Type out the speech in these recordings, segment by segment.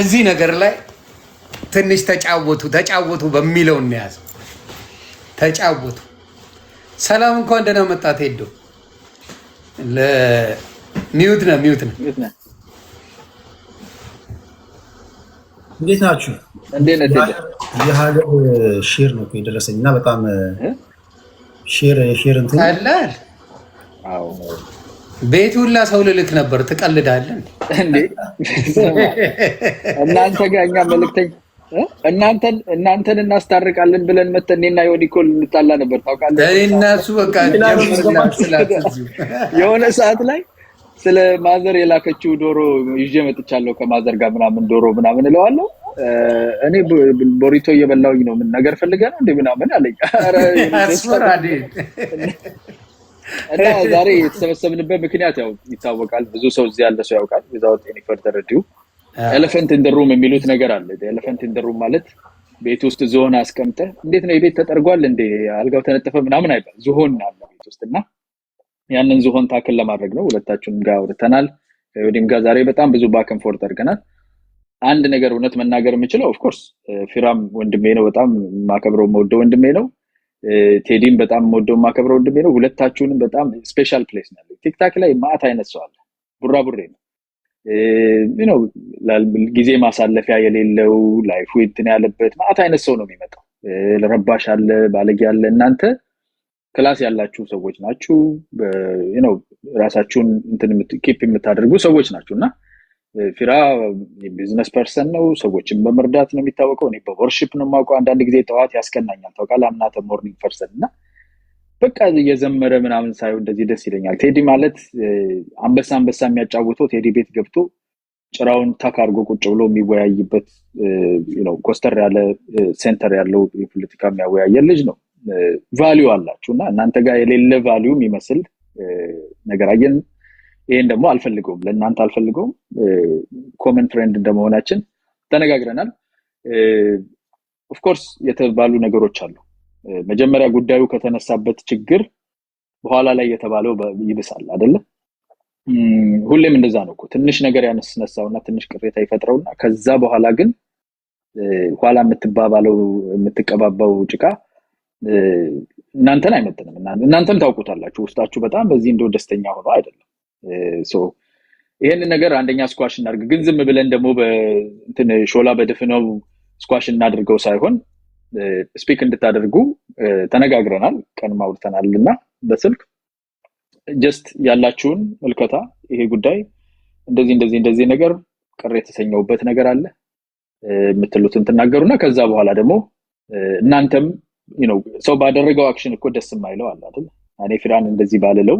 እዚህ ነገር ላይ ትንሽ ተጫወቱ ተጫወቱ በሚለው እንያዘው። ተጫወቱ። ሰላም እንኳን ደህና መጣት ሄዶ ሚዩት ነ ሚዩት ነው። እንዴት ናችሁ? የሀገር ሼር ነው የደረሰኝ እና በጣም ሼር ሼር እንትን ቤት ሁላ ሰው ልልክ ነበር። ትቀልዳለን እናንተ ጋር እኛ እናንተን እናንተን እናስታርቃለን ብለን መተን እኔና ዮኒ እኮ ልንጣላ ነበር ታውቃለህ። በቃ የሆነ ሰዓት ላይ ስለ ማዘር የላከችው ዶሮ ይዤ መጥቻለሁ ከማዘር ጋር ምናምን ዶሮ ምናምን እለዋለሁ። እኔ ቦሪቶ እየበላውኝ ነው፣ ምን ነገር ፈልገ ነው እንደ ምናምን አለኝ። እና ዛሬ የተሰበሰብንበት ምክንያት ያው ይታወቃል። ብዙ ሰው እዚህ ያለ ሰው ያውቃል። ዛወጥ ኒፈር ዲው ኤሌፈንት እንደሩም የሚሉት ነገር አለ። ኤሌፈንት እንደሩም ማለት ቤት ውስጥ ዝሆን አስቀምጠ እንዴት ነው የቤት ተጠርጓል እንዴ አልጋው ተነጠፈ ምናምን አይባል። ዝሆን አለ ቤት ውስጥ እና ያንን ዝሆን ታክል ለማድረግ ነው። ሁለታችሁም ጋር አውርተናል። ወዲም ጋር ዛሬ በጣም ብዙ ባክንፎርት አድርገናል። አንድ ነገር እውነት መናገር የምችለው ኦፍኮርስ ፊራም ወንድሜ ነው። በጣም ማከብረው መወደው ወንድሜ ነው። ቴዲም በጣም ወደው ማከብረው ወንድሜ ነው። ሁለታችሁንም በጣም ስፔሻል ፕሌስ ነው ያለው። ቲክታክ ላይ ማአት አይነት ሰው አለ። ቡራቡሬ ነው ነው ጊዜ ማሳለፊያ የሌለው ላይፉ እንትን ያለበት ማአት አይነት ሰው ነው የሚመጣው። ረባሽ አለ፣ ባለጌ አለ። እናንተ ክላስ ያላችሁ ሰዎች ናችሁ ነው ራሳችሁን ኪፕ የምታደርጉ ሰዎች ናችሁ እና ፊራ የቢዝነስ ፐርሰን ነው። ሰዎችን በመርዳት ነው የሚታወቀው። እኔ በወርሽፕ ነው ማውቀው አንዳንድ ጊዜ ጠዋት ያስቀናኛል ታውቃለህ። አምናተ ሞርኒንግ ፐርሰን እና በቃ የዘመረ ምናምን ሳይሆን እንደዚህ ደስ ይለኛል። ቴዲ ማለት አንበሳ አንበሳ የሚያጫውተው ቴዲ ቤት ገብቶ ጭራውን ታክ አድርጎ ቁጭ ብሎ የሚወያይበት ኮስተር ያለ ሴንተር ያለው የፖለቲካ የሚያወያየ ልጅ ነው። ቫሊዩ አላችሁ እና እናንተ ጋር የሌለ ቫሊዩ የሚመስል ነገር አየን። ይህን ደግሞ አልፈልገውም፣ ለእናንተ አልፈልገውም። ኮመን ትሬንድ እንደመሆናችን ተነጋግረናል። ኦፍኮርስ የተባሉ ነገሮች አሉ። መጀመሪያ ጉዳዩ ከተነሳበት ችግር በኋላ ላይ የተባለው ይብሳል አይደለ? ሁሌም እንደዛ ነው ትንሽ ነገር እና ትንሽ ቅሬታ ይፈጥረውና ከዛ በኋላ ግን ኋላ የምትባባለው የምትቀባባው ጭቃ እናንተን አይመጥንም። እናንተም ታውቁታላችሁ ውስጣችሁ በጣም በዚህ እንደው ደስተኛ ሆኖ አይደለም ይህንን ነገር አንደኛ ስኳሽ እናድርግ። ግን ዝም ብለን ደግሞ ሾላ በድፍነው ስኳሽ እናድርገው ሳይሆን ስፒክ እንድታደርጉ ተነጋግረናል፣ ቀንም ማውርተናል እና በስልክ ጀስት ያላችሁን ምልከታ ይሄ ጉዳይ እንደዚህ እንደዚህ እንደዚህ ነገር ቅር የተሰኘውበት ነገር አለ የምትሉትን ትናገሩና ከዛ በኋላ ደግሞ እናንተም ሰው ባደረገው አክሽን እኮ ደስ የማይለው አለ አይደል? እኔ ፊራን እንደዚህ ባልለው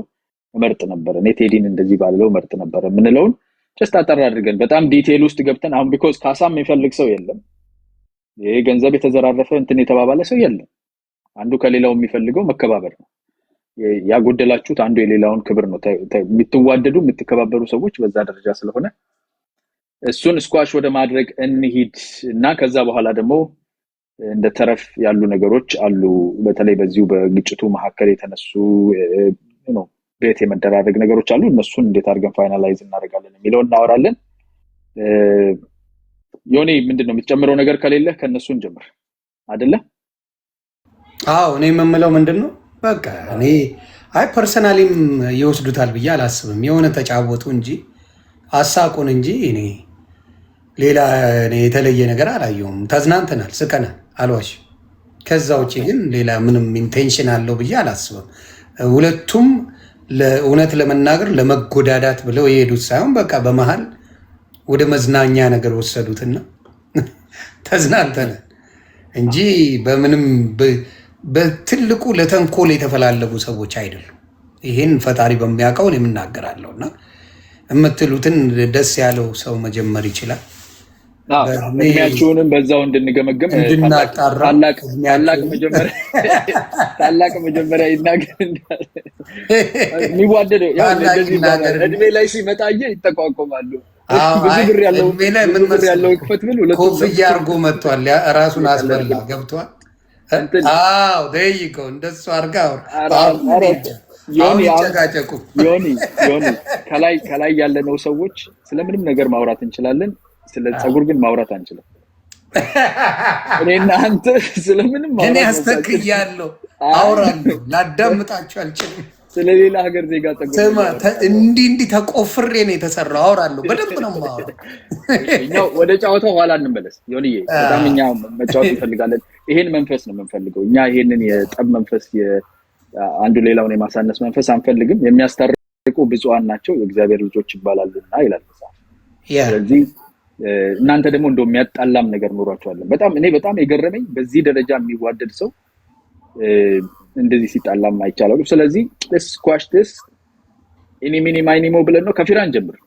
እመርጥ ነበረ እኔ ቴዲን እንደዚህ ባለው እመርጥ ነበረ የምንለውን ጀስት አጠር አድርገን በጣም ዲቴል ውስጥ ገብተን አሁን ቢኮዝ ካሳ የሚፈልግ ሰው የለም። ይህ ገንዘብ የተዘራረፈ እንትን የተባባለ ሰው የለም። አንዱ ከሌላው የሚፈልገው መከባበር ነው። ያጎደላችሁት አንዱ የሌላውን ክብር ነው። የምትዋደዱ የምትከባበሩ ሰዎች በዛ ደረጃ ስለሆነ እሱን ስኳሽ ወደ ማድረግ እንሂድ እና ከዛ በኋላ ደግሞ እንደ ተረፍ ያሉ ነገሮች አሉ። በተለይ በዚሁ በግጭቱ መካከል የተነሱ ክሬት የመደራረግ ነገሮች አሉ። እነሱን እንዴት አድርገን ፋይናላይዝ እናደርጋለን የሚለው እናወራለን። የሆኔ ምንድን ነው የምትጨምረው ነገር ከሌለ ከእነሱ እንጀምር አደለ? አዎ እኔ የምምለው ምንድን ነው በቃ እኔ አይ ፐርሰናሊም ይወስዱታል ብዬ አላስብም። የሆነ ተጫወቱ እንጂ አሳቁን እንጂ እኔ ሌላ የተለየ ነገር አላየውም። ተዝናንተናል፣ ስቀናል፣ አልዋሽ። ከዛ ውጭ ግን ሌላ ምንም ኢንቴንሽን አለው ብዬ አላስብም። ሁለቱም ለእውነት ለመናገር ለመጎዳዳት ብለው የሄዱት ሳይሆን በቃ በመሀል ወደ መዝናኛ ነገር ወሰዱትና ተዝናንተን እንጂ በምንም በትልቁ ለተንኮል የተፈላለጉ ሰዎች አይደሉም። ይህን ፈጣሪ በሚያውቀውን የምናገራለሁና የምትሉትን ደስ ያለው ሰው መጀመር ይችላል። እድሜያችሁንም በዛው እንድንገመግም ታላቅ መጀመሪያ ይናገር እድሜ ላይ ሲመጣ ይጠቋቆማሉ። ብዙ ብር ያለው ክፈት ብል ኮፍያ አድርጎ መጥቷል። ራሱን አስበላ ገብቷል። አዎ እንደሱ አርጋ ሆኒ ከላይ ያለነው ሰዎች ስለምንም ነገር ማውራት እንችላለን። ስለ ፀጉር ግን ማውራት አንችልም። እኔና አንተ ስለምንም እኔ አስተክያለሁ፣ አውራለሁ፣ ላዳምጣችሁ አልችልም። ስለሌላ ሀገር ዜጋ ፀጉር እንዲህ እንዲህ ተቆፍሬ ነው የተሰራው። አውራለሁ፣ በደንብ ነው የማወራው። ወደ ጨዋታው ኋላ እንመለስ። ዮንዬ በጣም እኛ መጫወት እንፈልጋለን። ይሄን መንፈስ ነው የምንፈልገው እኛ። ይሄንን የጠብ መንፈስ፣ አንዱ ሌላውን የማሳነስ መንፈስ አንፈልግም። የሚያስታርቁ ብፁዓን ናቸው የእግዚአብሔር ልጆች ይባላሉና ይላል። ስለዚህ እናንተ ደግሞ እንደ የሚያጣላም ነገር ኖሯቸዋለን። በጣም እኔ በጣም የገረመኝ በዚህ ደረጃ የሚዋደድ ሰው እንደዚህ ሲጣላም አይቻላሉ። ስለዚህ ስኳሽ ስ ኢኒሚኒ ማይኒሞ ብለን ነው ከፊራን ጀምር